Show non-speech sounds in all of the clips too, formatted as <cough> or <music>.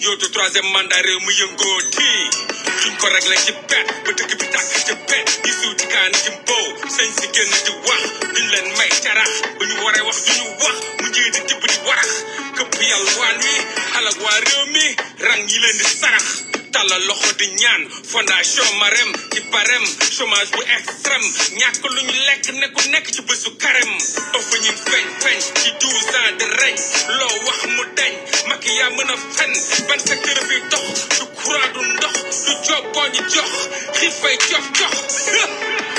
yootu troisième mandat réew mu yëngoo tii suñ ko réglé ci pet ba dëkk bi tàkk ci pet di suuf ci kaan ci mbow sañ si génn di wax duñ leen may carax bu ñu waree wax duñu wax mu jëy di tibb di warax këpp yàlla waan wi xalak waa réew mi rang yi leen sarax tàllal loxo di ñaan fondation marem ci barem chômage bu extrême ñàkk lu lekk ne nekk ci bésu carême tofa ñin feeñ feeñ ci douze ans de loo wax mu dañ Macky yaa mën a fen ban secteur bi dox du courant du ndox du job boo ñu jox fay jox jox <laughs>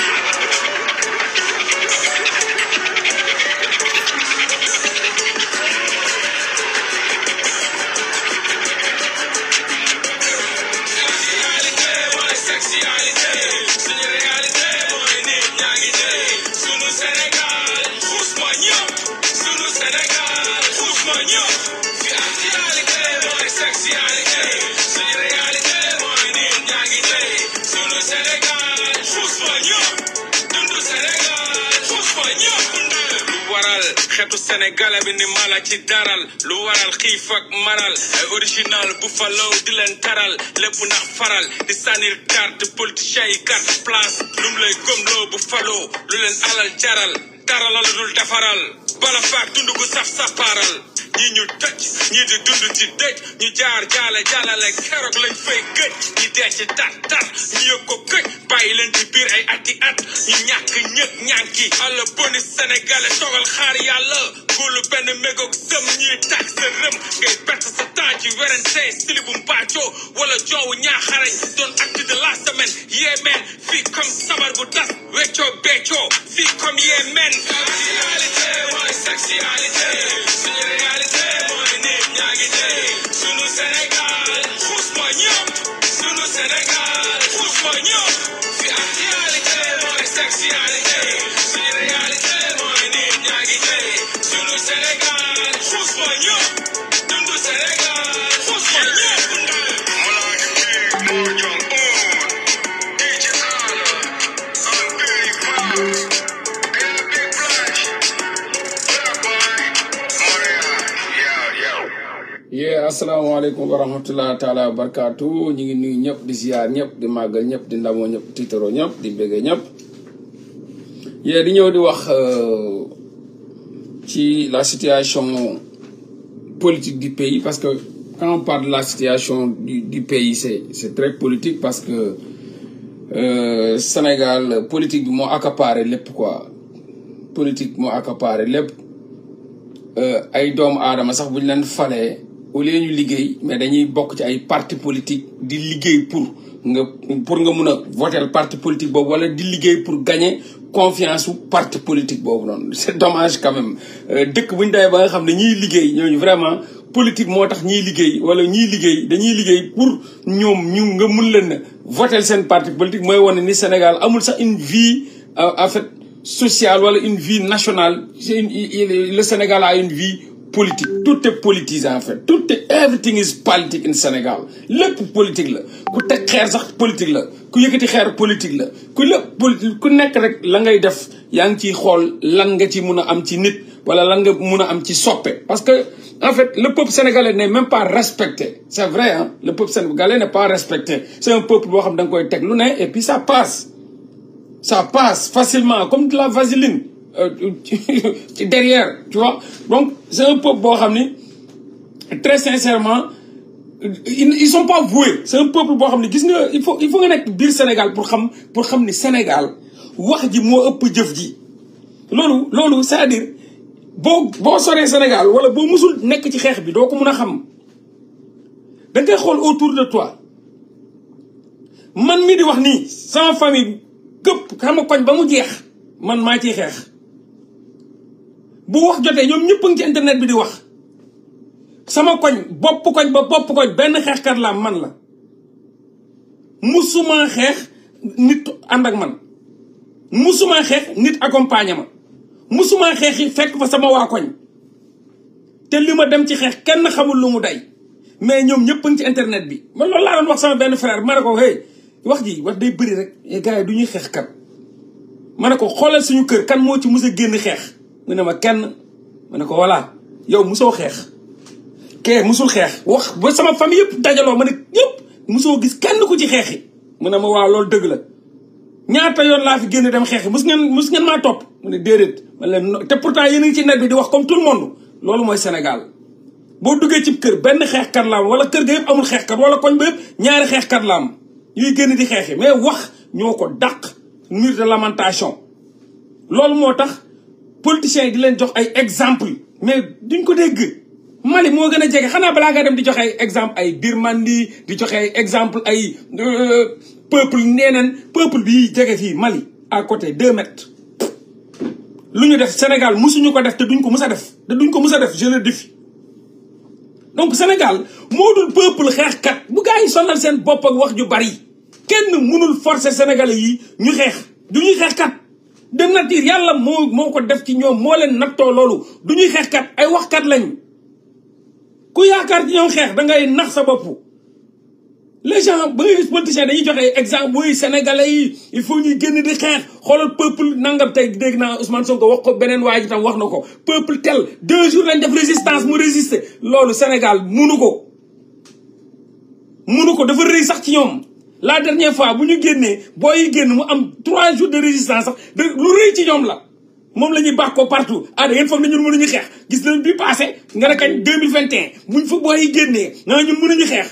sénégalais bi ni mala ci daral lu waral xiif ak maral ay original bu falaw di leen taral lépp nax faral di sànnil carte politicien yi carte place lum lay gomloo bu faloo lu leen alal jaral taralal dul defaral bala faak dund gu saf saparal ñi ñu tëj ñi di dund ci dëj ñu jaar jaale jaalale keroog lañ fay gëj ñi dee tar tar ñu yëg ko këj bàyyi leen ay ati at ñu ñàkk ñëpp ñànki alla boni sénégalais toogal xaar yàlla góorlu benn mégoog sëm ñuy tax rëm ngay perte sa temps ci werante silibu mbaacoo joowu ñaaxarañ doon acte de la semaine yee fii comme sabar bu tas weccoo beccoo fii comme yee meen sexualité mooy sexualité asalaamaaleykum wa rahmatulah taalaa wa barakaatu ñu ngi nuyu ñëpp di ziar ñëpp di màggal ñëpp di ndamoo ñëpp di tiitaroo ñëpp di mbégee ñëpp yée di ñëw di wax euh, ci la situation politique du pays parce que quand on parle la situation du, du pays c'est très politique parce que euh, Sénégal politique bi moo accaparé lépp quoi politique moo accaparé lépp euh, ay doomu aadama sax bu ñu leen falee au lieu ñu liggéey mais dañuy bokk ci ay parti politique di liggéey pour nga pour nga mun a voter parti politique boobu wala di liggéey pour gañe confiance su parti politique boobu noonu <laughs> c'est dommage quand même euh, dëkk bu ñu demee ba nga xam ne ñiy liggéey ñooñu vraiment politique moo tax ñiy liggéey wala ñiy liggéey dañuy liggéey pour ñoom ñu nga mun leen a seen parti politique mooy wane ni Sénégal amul sax une vie euh, en fait sociale wala une vie nationale le Sénégal vie politique tout est politisé en fait tout est everything is politique in Sénégal lépp politique la ku teg xeer sax politique la ku yëkkati xeer politique la ku lépp ku nekk rek la ngay def yaa ngi ciy xool lan nga ci mun a am ci nit wala lan nga mun a am ci soppe parce que en fait le peuple sénégalais ne même pas respecté c'est vrai hein le peuple sénégalais n'est pas respecté c'est un peuple boo xam da nga koy teg lu ne et puis ça passe ça passe facilement comme de la vaseline ci euh, <laughs> derrière tu vois donc c'est un peuple boo xam ni très sincèrement ils sont pas voués c'est un peuple boo xam ni gis nga il faut il faut nga nekk biir Sénégal pour xam pour xam ni Sénégal wax ji moo ëpp jëf ji loolu loolu c'est-à-dire boo boo soree Sénégal wala boo mësul nekk ci xeex bi doo ko mun a xam da ngay xool autour de toi man mi di wax nii sama famille këpp xam nga koñ ba mu jeex man maa ciy xeex bu wax jotee ñoom ñëpp a ngi ci internet bi di wax sama koñ bopp koñ ba bopp koñ benn xeexkat laa man la musuma xeex nit ànd ak man musuma xeex nit accompagné ma musuma xeex fekk fa sama waa koñ te li ma dem ci xeex kenn xamul lu mu day mais ñoom ñëpp a ngi ci internet bi man loolu laa doon wax sama benn frère ma ne ko hey wax ji wax day bëri rek eh, gars yi du ñuy xeex kat ma ne ko xoolal suñu kër kan moo ci mus a génn xeex mu ne ma kenn mu ne ko voilà yow musoo xeex kee musul xeex wax ba sama famille yëpp dajaloo ma ne yëpp musoo gis kenn ku ci xeexi mu ne ma waaw loolu dëgg la ñaata yoon laa fi génn dem xeexi mus ngeen mus ngeen maa topp mu ne déedéet man leen te pourtant yéen a ngi ci net bi di wax comme tout le monde loolu mooy Sénégal boo duggee ci kër benn xeex la am wala kër ga yëpp amul xeexkat wala koñ ba ñaari xeexkat la am ñuy génn di xeexi mais wax ñoo ko dàq mur de lamentation loolu moo tax politiciens yi di leen jox ay exemple mais duñ ko dégg Mali moo gën a jege xanaa balaa nga dem di joxe ay exemple ay Birmanie di joxe ay exemple ay euh, peuple neeneen peuple bi jege fii Mali à côté deux mètres lu ñu def Sénégal musuñu ko def te duñ ko mus a def te duñ ko mus a def je le défie donc Sénégal moo dul peuple xeexkat bu gaa yi sonal seen bopp ak wax ju bari kenn mënul forcer sénégalais yi ñu xeex du ñuy xeexkat de nature yàlla moo moo ko def ci ñoom moo leen nattoo loolu du ñuy xeexkat ay waxkat lañ ku yaakaar ci ñoom xeex da ngay nax sa bopp. les gens ba nga gis politiciens dañuy joxe exemple buy sénégalais yi il faut ñuy génn di xeex xoolal peuple nangam tey dégg naa Ousmane Sonko wax ko beneen waa ji tam wax na ko peuple tel deux jours lañ def résistance mu résister loolu Sénégal munu ko munu ko dafa rëy sax ci ñoom. la dernière fois bu ñu génnee boo yi génn mu am trois jours de résistance sax de lu rëy ci ñoom la moom la ñuy bàkkoo partout ah da ngeen foog ne ñun mënuñu xeex gis nañ bi passé nga ne kañ deux mille vingt et un buñ fa booy yi génnee nga ne ñun mënuñu xeex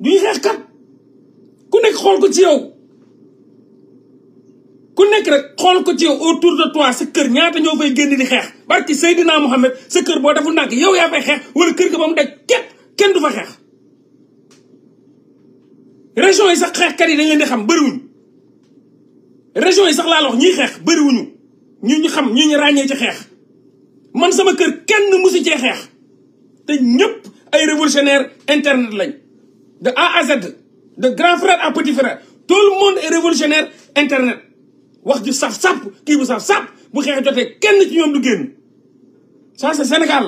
duñu xeex kat ku nekk xool ko ci yow ku nekk rek xool ko ci yow autour de toi sa kër ñaata ñoo fay génn di xeex barki Seydina Mohamed sa kër boo deful ndànk yow yaa fay xeex wala kër ga ba mu daj képp kenn du fa xeex région yi sax xeexkat yi dañ leen di xam bëriwuñu région yi sax laa la ñuy xeex bëriwuñu ñu ñu xam ñu ñu ràññee ci xeex man sama kër kenn musu cee xeex te ñëpp ay révolutionnaire internet lañ de A à Z de grand frère à petit frère tout le monde est révolutionnaire internet wax ju saf sàpp kii bu saf sàpp bu xeex jotee kenn ci ñoom du génn ça c'est Sénégal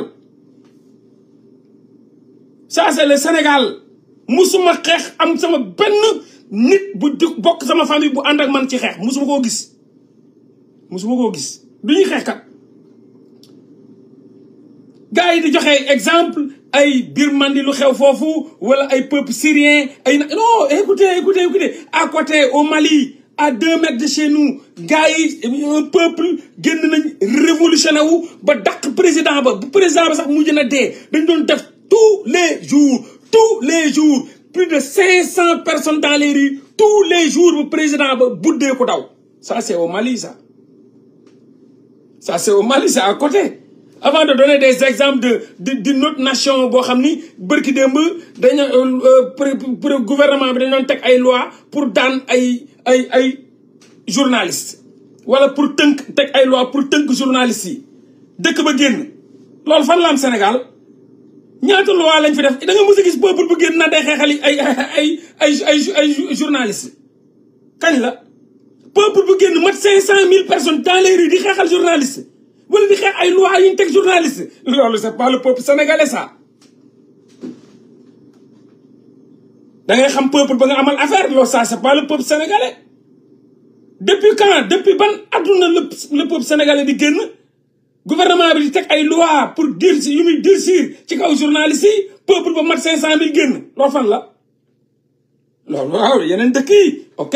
ça c'est le Sénégal musuma xeex am sama benn nit bu bokk sama famille bu ànd ak man ci xeex musuma koo gis musuma koo gis du ñuy xeex kat gars yi di joxe exemple ay Birmanie lu xew foofu wala ay peuple syrien ay na non écoutez écoutez écoutez à côté au Mali à deux mètres de chez nous gars yi un peuple génn nañ révolutionné wu ba dàq président ba bu président ba sax mujj na dee dañ doon def tous les jours tous les jours plus de 500 personnes dans les tous les jours bu président ba buddee ku daw ça c'est au Mali ça ça c'est au à côté avant de donner des exemples de de de nation boo xam ni bërki démb dañu euh, euh, gouvernement bi dañoo teg ay loi pour daan ay ay ay journaliste wala pour tënk teg ay loi pour tënk journaliste yi dëkk ba génn loolu fan la Sénégal ñaata loi lañ fi def da nga mës a gis peuple bu génn na day xeexal ay ay ay journaliste kañ la peuple bu génn mat cinq cent mille personnes dans les rues di xeexal journaliste wala di xeex ay loi yu ñu teg journaliste loolu c'est pas le peuple sénégalais ça da xam peuple ba nga amal affaire loolu ça c'est pas le peuple sénégalais depuis quand depuis ban adduna le peuple sénégalais di génn gouvernement bi di teg ay loi pour dil si yu ci kaw journaliste yi peuple ba mat cinq cent mille génn loo fan la loolu waaw yeneen dëkk ok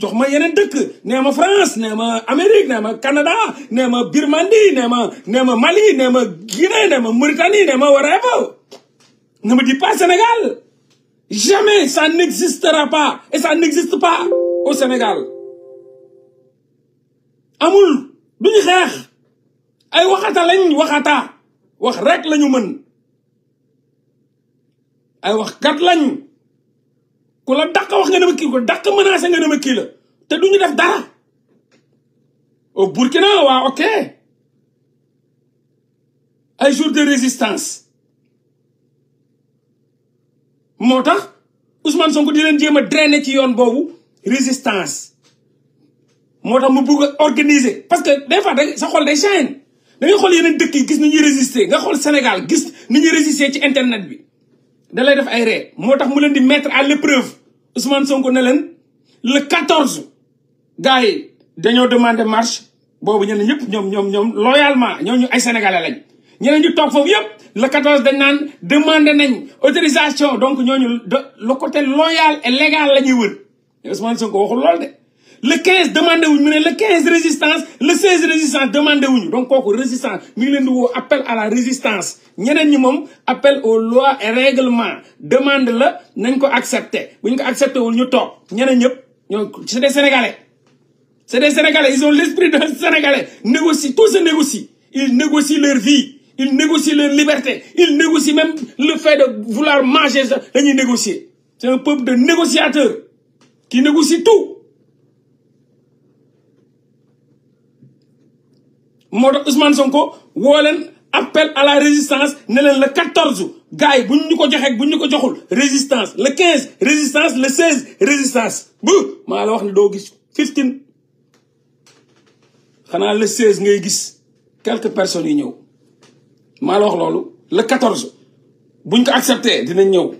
jox ma yeneen dëkk nee ma France nee ma Amérique ma Canada nee ma Birmanie nee Mali nee Guinée nee ma Mauritanie nee ma whatever ne Sénégal jamais ça n'existera pas et ça n'existe pas au Sénégal amul duñu xeex ay waxata lañ waxata wax rek lañu mën ay wax waxkat lañ ku la dàq wax nga ne ma kii ko dàq menacé nga ne ma kii la te duñu def dara au Burkina waa ok ay jour de résistance moo tax Ousmane Sonko di leen jéem a drainer ci yoon boobu résistance moo tax ma bugg a organiser parce que des fois day sa xol day chaîne da ngay xool yeneen dëkk yi gis ni ñu résister nga xool Sénégal gis ni ñu résister ci internet bi da def ay ree moo tax mu leen di mettre à l'épreuve Ousmane Sonko ne leen le 14 gars yi dañoo demander marche boobu ñeneen ñëpp ñoom ñoom ñoom loyalement ñoo ñu ay sénégalais lañ ñeneen ñu toog foofu yëpp le 14 dañ naan demandé nañ autorisation donc ñooñu le loyal et légal la ñuy wër Ousmane Sonko waxul lool de le quinze demandé wuñu mu ne le 15 résistance le 16 résistance demandé wuñu donc kooku résistance mi ngi leen di woo appel à la résistance ñeneen ñi moom appel aux lois et règlement demande la nañ ko accepté bu ñu ko accepté wul ñu toog ñeneen ñëpp ñoo c'est des sénégalais c'est des sénégalais ils ont l'esprit de sénégalais négocie tout se négocie ils négocient leur vie ils négocient leur liberté ils négocient même le fait de vouloir manger dañuy négocier c'est un peuple de négociateurs qui négocie tout moo tax Ousmane Sonko woo leen appel à la résistance ne leen le 14 gars yi bu ñu ko joxee bu ñu ko joxul résistance le 15 résistance le 16 résistance bu maa la wax ne doo gis 15 xanaa le 16 ngay gis quelque personnes yi ñëw maa la wax loolu le 14 buñ ko accepté dinañ ñëw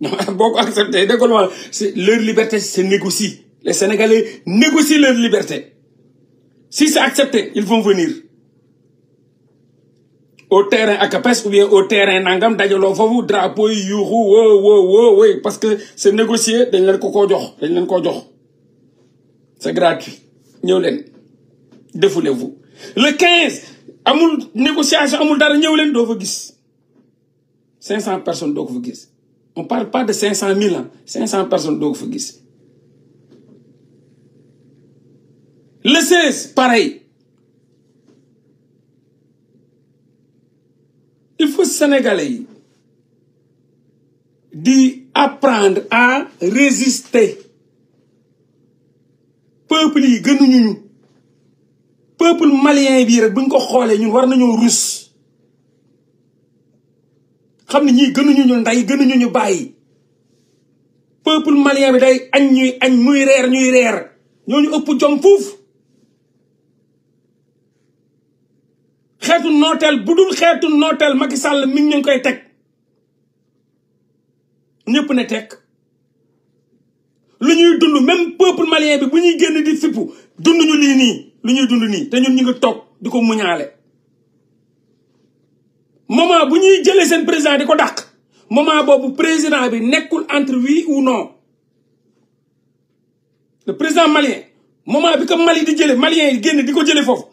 <laughs> boo ko accepté déggoo ma c'est leur liberté se négocie les Sénégalais négocient leur liberté. Si c'est accepté, ils vont venir. Au terrain Akapes ou bien au terrain Nangam, d'ailleurs, vous drapeau, yuru, ouais, ouais, ouais, ouais, parce que c'est négocié, c'est gratuit. Défoulez-vous. Le 15, amul négociation, amul dara, ñëw doo nyolen, d'où vous 500 personnes, d'où vous On ne parle pas de 500 000 ans, 500 personnes, fa gis Le 16, pareil. Il faut Sénégalais di apprendre à résister. peuple yi gënuñu ñu peuple malien bii rek bu ñu ko xoolee ñun war nañoo rus xam ne ñii gënuñu ñu ndey gënuñu ñu bàyyi peuple malien bi day añ ñuy añ muy reer ñuy reer ñooñu ëpp jom fuuf xeetu nooteel bu dul xeetu nooteel Macky Sall mi ngi ñu koy teg ñëpp ne teg lu ñuy dund même peuple malien bi bu ñuy génn di sippu dund ñu lii nii lu ñuy dund nii te ñun ñu ngi toog di ko muñaale moment bu ñuy jëlee seen président di ko dàq moment boobu président bi nekkul entre oui ou non le président malien moment bi ko Mali di jële malien yi génn di ko jëlee foofu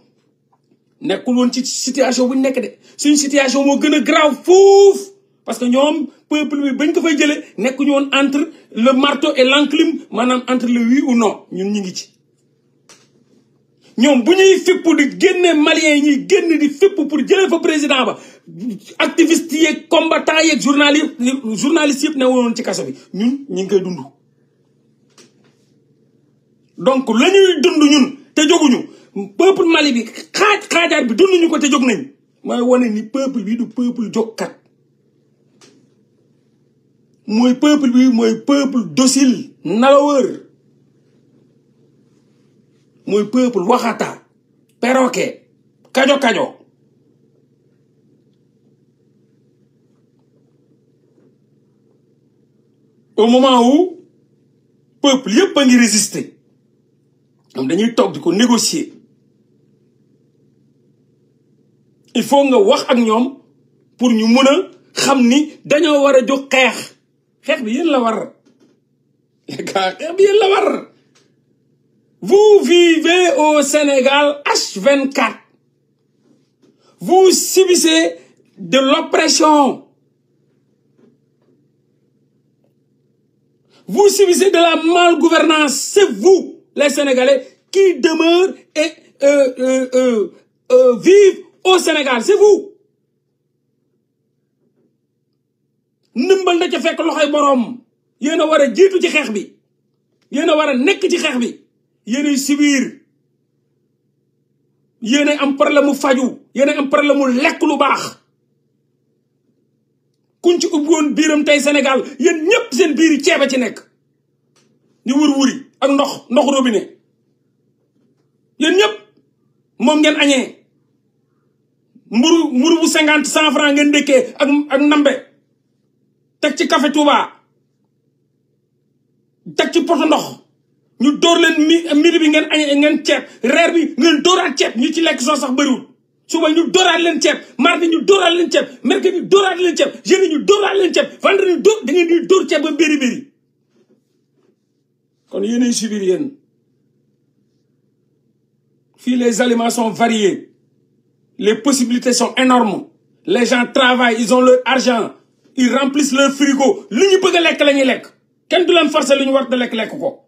nekkul woon ci situation bu ñu nekk de suñ situation moo gën a grave foofu parce que ñoom peuple bi bañ ko fay jëlee nekkuñu woon entre le marto et l'enclume maanaam entre le oui ou ñun ñu ngi ci. ñoom bu ñuy fépp di génne maliens yi ñuy génn di fépp pour jëlee fa président ba activistes yeeg combattants yeeg journal yëpp journalistes yëpp ne woon ci kaso bi ñun ñu ngi koy dund. donc la ñuy dund ñun te jóguñu peuple Mali bi xaaj xaajaat bi dunduñu ko te jog nañ mooy wane ni peuple bi du peuple jógkat mooy peuple bi mooy peuple docile nalawër mooy peuple waxata perroquet kajo kajo au moment où peuple yëpp a ngi résister am dañuy toog di ko négocier il faut nga wax ak ñoom pour ñu mun a xam ni dañoo war a jóg xeex xeex bi yéen la war xeex bi yéen la war vous vivez au Sénégal H24 vous subissez de l'oppression vous subissez de la malgouvernance c'est vous les Sénégalais qui demeurent et euh, euh, euh, euh au Sénégal c'est vous ndimbal na ca fekk loxoy boroom yéen a war a jiitu ci xeex bi yéen a war a nekk ci xeex bi yéenay sibiir yéenay am problème mu faju yéenay am problème mu lekk lu baax kuñ ci ubbi biiram tey Sénégal yéen ñëpp seen biiri ceeba ci nekk ñu wur ak ndox ndox robinet yéen ñëpp moom ngeen añee mburu mburu bu cinquante cent franc ngeen dëkkee ak ak ndambe teg ci café Touba teg ci poto ndox ñu dóor leen mi midi bi ngeen añ ngeen ceeb reer bi ngeen dóoraat ceeb ñu ci lekk soo sax bëriwul suba ñu dóoraat leen ceeb mardi ñu dóoraat leen ceeb mercredi ñu dóoraat leen ceeb jeudi ñu dóoraat leen ceeb vendredi ñu dóor da ngeen di dóor ceeb ba bëri bëri kon yéenay subir yéen fii les aliments sont Les possibilités son énormes. Les gens travaillent, ils ont leur argent. Ils remplissent leur frigo. L'union peut lek lañu lek. kenn du len forcer luñu war de lek lekk ko.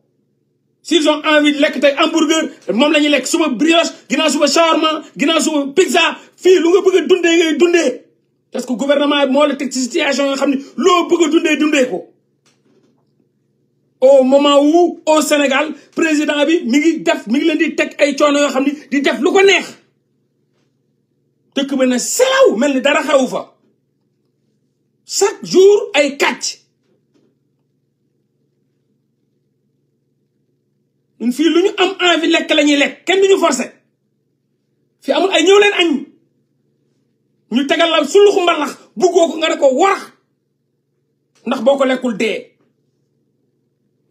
S'ils ont envie de lek tay hamburger, mom lañu lek suma brioche, ginaaw suma shawarma, ginaaw suma pizza, fi lu nga bëgg dundé ngay dundé. Parce que le gouvernement moo la tek ci situation xam xamni loo bëgg dundé dundé ko. au moment où au Sénégal président bi mi ngi def mi ngi leen di teg ay coono yoo xam ni di def lu ko neex dëkk ba ne selaw mel ni dara xewu fa chaque jour ay kàcc ñun fii lu ñu am envie lekk lañuy ñuy lekk kenn du ñu forcé fi amul ay ñëw leen añ ñu tegal la suluxu mbalax buggoo ko nga ne ko warax ndax boo ko lekkul dee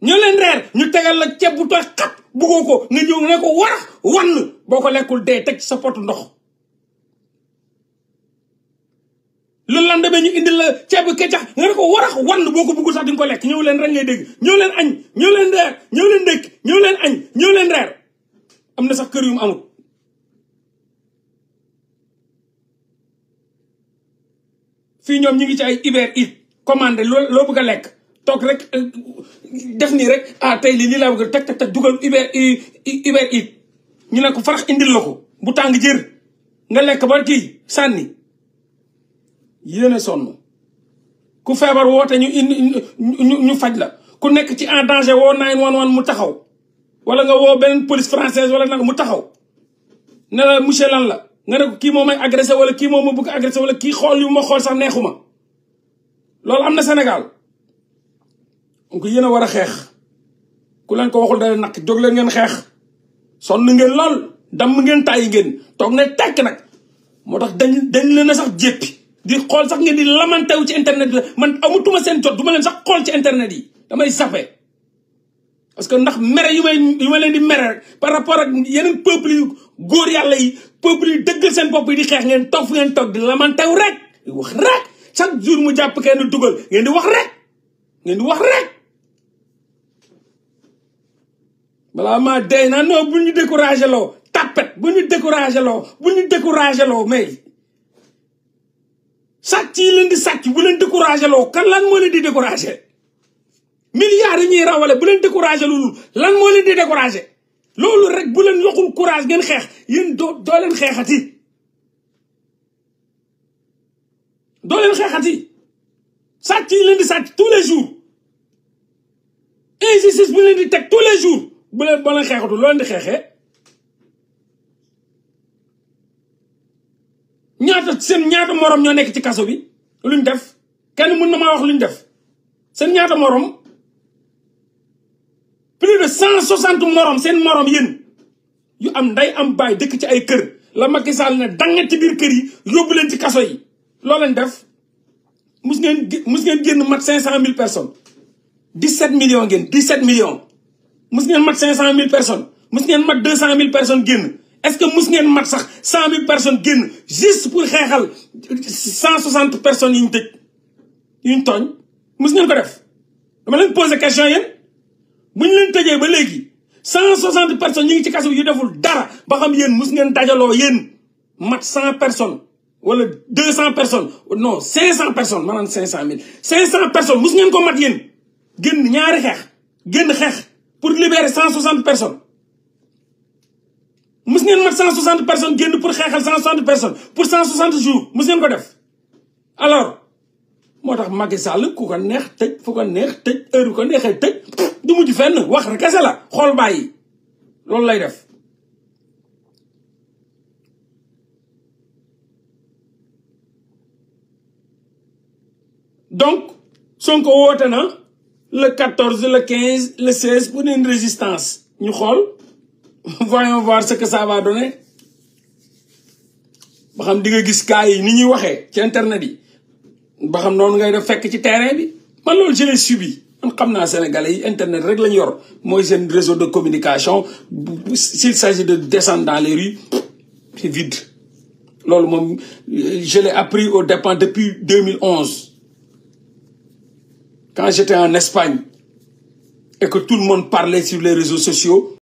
ñëw leen reer ñu tegal la ceeb bu tooy xat buggoo ko nga ñëw ne ko warax wann boo ko lekkul dee teg ci sa potu ndox le lendemain ñu indil la ceebu kecax nga ne ko warax wand boo ko bëggul sax di ko lekk ñëw leen rek ngay dégg ñëw leen añ ñëw leen reer ñëw leen dëkk ñëw leen añ ñëw leen reer am na sax kër yu mu amul fii ñoom ñu ngi ci ay Uber Eats commandé loo loo a lekk toog rek euh, def nii rek ah tey lii lii laa bëgg teg teg teg dugal Uber Uber ñu ne ko farax indil la ko bu tàng jër nga lekk ba kii sànni yéene sonn ku feebar woote ñu indi ñu faj la ku nekk ci en danger woo 911 mu taxaw wala nga woo beneen police française wala nag mu taxaw ne la monsieur lan la nga ne kii moo may agressé wala kii moo ma bëgg agressé wala kii xool yu ma xool sax neexu ma loolu am na Sénégal donc yéen a war a xeex ku leen ko waxul dale naq jóg leen ngeen xeex sonn ngeen lool damb ngeen tàyyi ngeen toog ne tekk nag moo tax dañ dañ leen a sax jéppi di xool sax ngeen di lamantew ci internet bi man amatuma seen jot du ma leen sax xool ci internet yi damay sape parce que ndax mere yu may yu ma leen di mere par rapport ak yeneen peuple yu góor yàlla yi peuple yu dëggal seen bopp yi di xeex ngeen toog fu ngeen toog di lamantew rek di wax rek chaque jour mu jàpp kenn dugal ngeen di wax rek ngeen di wax rek balaa maa dey naa non bu ñu découragé loo tapet bu ñu découragé loo bu ñu découragé loo mais sàcc yi leen di sàcc bu leen découragé loo kan lan moo leen di découragé milliards yi ñuy rawale bu leen découragé loolu lan moo leen di découragé loolu rek bu leen yokkul courage xeex yéen doo doo leen xeexati doo leen xeexati sàcc yi leen di sàcc tous les jours injustice bu leen di teg tous les jours bu leen boo leen xeexatu loo leen di xeexee ñaata seen ñaata morom ñoo nekk ci kaso bi luñ def kenn mun na maa wax luñ def seen ñaata morom plus de cent soixante morom seen morom yéen yu am nday am baay dëkk ci ay kër la Macky Sall ne danga ci biir kër yi yóbbu leen ci kaso yi loo leen def mus ngeen mus ngeen génn mat cinq cent mille personnes dix-sept millions ngeen dix-sept millions mus ngeen mat cinq cent mille personnes mus ngeen mat deux cent mille personnes génn est-ce que mus ngeen mat sax cent mille personnes génn juste pour xeexal cent soixante personnes yi ñu tëj yu ñu tooñ mus ngeen ko def dama leen posé question yéen mu ñu leen tëjee ba léegi cent soixante personnes ñu ngi ci kaso yu deful dara ba xam yéen mus ngeen dajaloo yéen mat cent personnes wala deux cent personnes non cinq cent personnes maanaam cinq cent mille cinq cent personnes mus ngeen ko mat yéen génn ñaari xeex génn xeex pour libérer cent soixante personnes mus ngeen mat 160 personnes génn pour xeexal 160 personnes pour 160 jours mus ngeen ko def alors moo tax Macky Sall ku ko neex tëj fu ko neex tëj heure bu ko neexee tëj du mujj fenn wax rek kese la xool bàyyi loolu lay def. donc Sonko woote na le 14 le quinze le 16 pour neen résistance ñu xool. voyons voir ce que ça va donner ba xam di nga gis gars yi ni ñuy waxee ci internet yi ba xam noonu ngay def fekk ci terrain bi man loolu je subi man xam naa sénégalais yi internet rek lañ yor mooy seen réseau de communication si s'agit de descendre dans les rues si vide loolu moom jële l'ai appris au dépens depuis 2011 quand j'étais en Espagne et que tout le monde parlait sur les réseaux sociaux